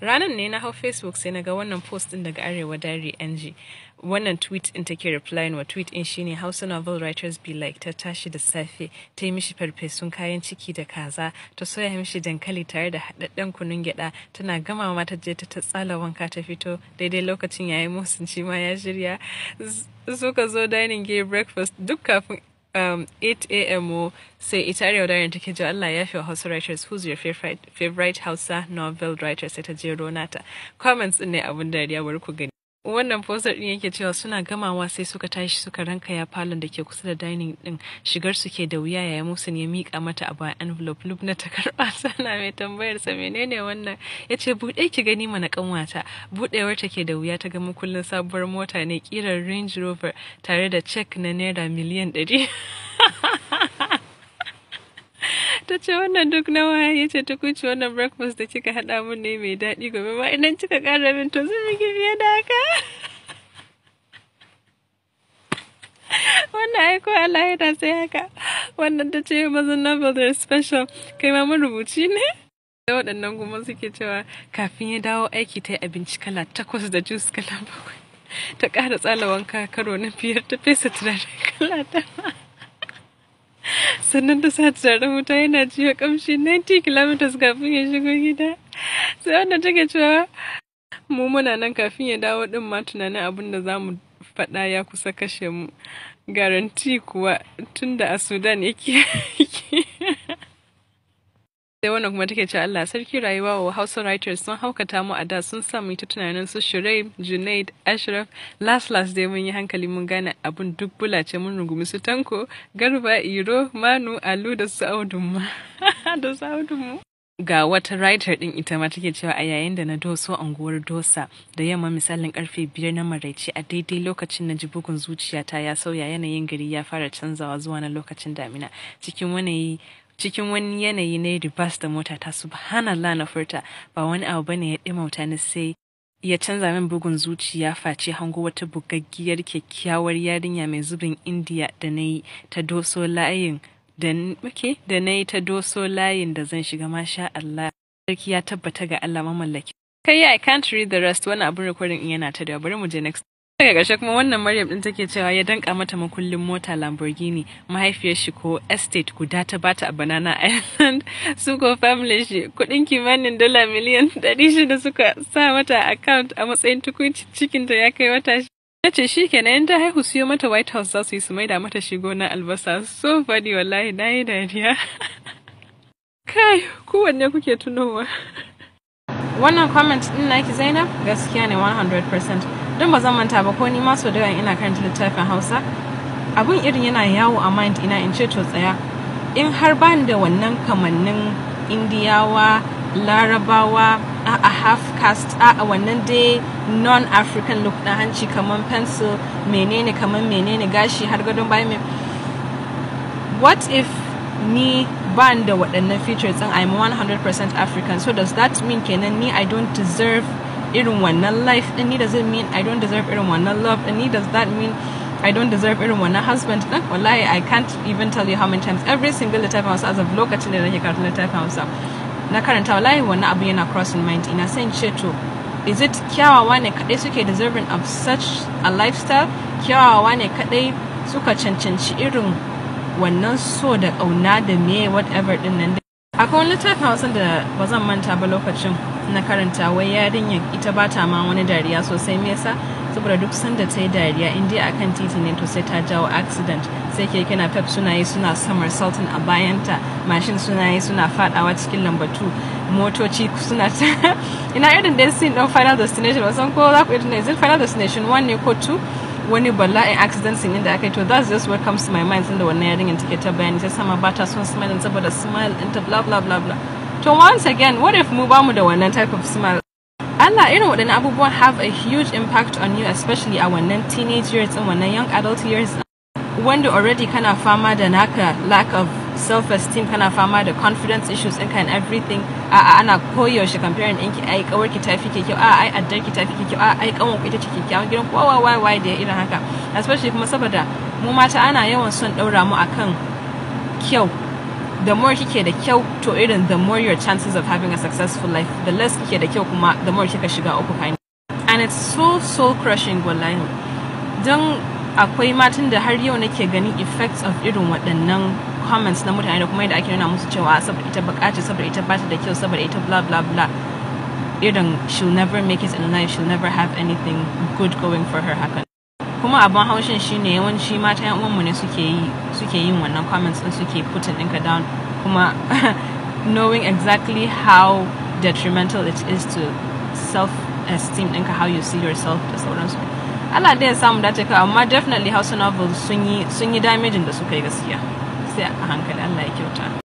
ranan ne na hau facebook sai na ga wannan post din daga arewa diary ng wannan tweet in take replyin wa tweet in shine hausa novel writers be like ta tashi da safe ta yi mishi farfesun kayan ciki da kaza ta soya mishi dankali tare da haɗaɗɗen kunun gyaɗa tana gama ma ta je ta tsala wanka ta fito daidai lokacin yayi shi ma ya shirya suka zo dining gay breakfast duk kafin um, 8 a.m. sai ita arewa daren take ji Allah ya fi Hausa writers who's your favorite, favorite Hausa novel writer sai ta jero nata. Comments ne abin dariya bari ku gani. wannan fosar din yake cewa suna gamawa sai suka tashi suka ranka ya falon da ke kusa da dining ɗin, shigar su ke da wuya yaya musun ya mika mata a bayan envelope na ta karba sana mai tambayar sa menene wannan yace bude ki gani mana kanwata Buɗewar ta ke da wuya ta ga mukullin sabuwar mota ne kirar Range Rover tare da check na naira miliyan ɗari. ta ce wannan duk na waya ya ce kuce wannan breakfast da kika haɗa mun ne mai daɗi gobe ma idan kika ƙara min to zai miki fiye da haka wannan aiko Allah ya sai haka wannan ta ce mazan novel special kai ma marubuci ne da waɗannan kuma suke cewa kafin ya dawo aiki ta yi abinci kala takwas da jus kala bakwai ta ƙara tsala wanka karo na biyar ta fesa tunanin kala tara sannan ta sa turaren wuta yana jiwa kamshi 90 kilometers kafin ya shigo gida sai wanda take cewa mu muna nan kafin ya dawo din ma tunanin abin da zamu faɗa ya kusa kashe mu garanti kuwa tunda a sudan yake sai wannan kuma take ce Allah sarki rayuwa wa Hausa writers sun haukata mu a da sun sa mu ta tunanin su Shurai, Junaid, Ashraf, last last dai mun yi hankali mun gane abun duk bulace mun rungumi su Tanko, Garba, Iro, Manu, Alu da su Audun ma. da su mu. Ga wata writer din ita ma take cewa a yayin da na doso unguwar Dosa da yamma misalin karfe biyar na maraice a daidai lokacin na ji bugun zuciyata ya sauya yanayin gari ya fara canzawa zuwa na lokacin damina cikin wani cikin wani yanayi na bas da mota ta subhanallah na furta ba wani abu ne ya dimauta ni sai ya canza min bugun zuciya face hango wata bugaggiyar kyakkyawar yarinya mai zubin indiya da na yi ta doso layin da na yi ta doso layin da zan shiga masha Allah sarki ya tabbata ga Allah mamallaki kai I can't read the rest wani abun recording yana ta da bari mu je next daga ƙarshe kuma wannan maryam din take cewa ya danka mata makullin mota lamborghini mahaifiyar shi ko estate guda ta bata a banana island su ko family shi kuɗin kimanin dala miliyan ɗari shida suka sa mata account a matsayin tukunci cikinta ya kai wata ta ce shi kenan ta haihu siyo mata white house za su yi su maida mata shigo na albasa so fadi wallahi na yi dariya kai kowanne kuke tunowa wannan comment din naki zainab gaskiya ne 100% don ba zan manta ba ko ni ma so da ina karanta littafin hausa abun irin yana yawo a mind ina in ce to tsaya in har bani da wannan kamannin indiyawa larabawa a a half caste a a wannan dai non-african look na hanci kaman pencil menene kaman menene gashi har gadon bayan mai what if ni ban da waɗannan features din i'm 100% african so does that mean kenan ni i don't deserve irin wannan life din ni does it mean I don't deserve irin wannan love din ni does that mean I don't deserve irin wannan husband din wallahi I can't even tell you how many times every single littafin Hausa as of lokacin da nake karatun littafin Hausa na karanta wallahi wannan abu yana crossing mind ina sai in ce to is it kyawawa ne kadai suke deserving of such a lifestyle kyawawa ne kadai suka cancanci irin wannan so da ƙauna da me whatever din nan akwai wani littafin hausa da ba zan manta ba lokacin na karanta wai yarinyar ita ba ta ma wani dariya sosai me yasa saboda duk sanda ta yi dariya in dai akan titi ne to sai ta jawo accident sai keke na pep suna yi suna somersaulting a bayanta mashin suna yi suna fadawa cikin lambatu motoci suna ta ina irin dai sin don final destination ba san ko za ku irin is it final destination one ne ko two wani bala'in accident sin da aka yi to that's just what comes to my mind tunda wannan yarinyar take ta bayani sai sama ba ta son smile saboda smile inta bla bla bla bla to once again what if mu bamu da wannan type of smile Allah irin waɗannan abubuwan have a huge impact on you especially a wannan teenage years din wannan young adult years wanda already kana fama da naka lack of self-esteem kana fama da confidence issues ɗinka and everything a ana koyaushe comparing ɗinki ai kawar ki tafi ke kyau a ai addar ki tafi ke kyau a ai kanwar ita ce kyakkyawan gidan kowa wai wai da irin haka especially kuma saboda mu mata ana yawan son ɗaura mu akan kyau the more kike da kyau to irin the more your chances of having a successful life the less kike da kyau kuma the more kika shiga uku kind and it's so so crushing wallahi don akwai matan da har yau nake gani effects of irin waɗannan comments na mutane da kuma yadda ake nuna musu cewa saboda ita bukaci saboda ita bata da kyau saboda ita bla bla bla irin she'll never make it in life she'll never have anything good going for her hakan kuma abin haushin shine yawanci mata yan uwanmu ne suke yi suke yin wannan comments din suke putting ɗinka down kuma knowing exactly how detrimental it is to self esteem ɗinka how you see yourself da sauransu Allah da ya samu dace ka amma definitely Hausa novels sun yi sun da suka yi gaskiya sai a hankali Allah ya kyauta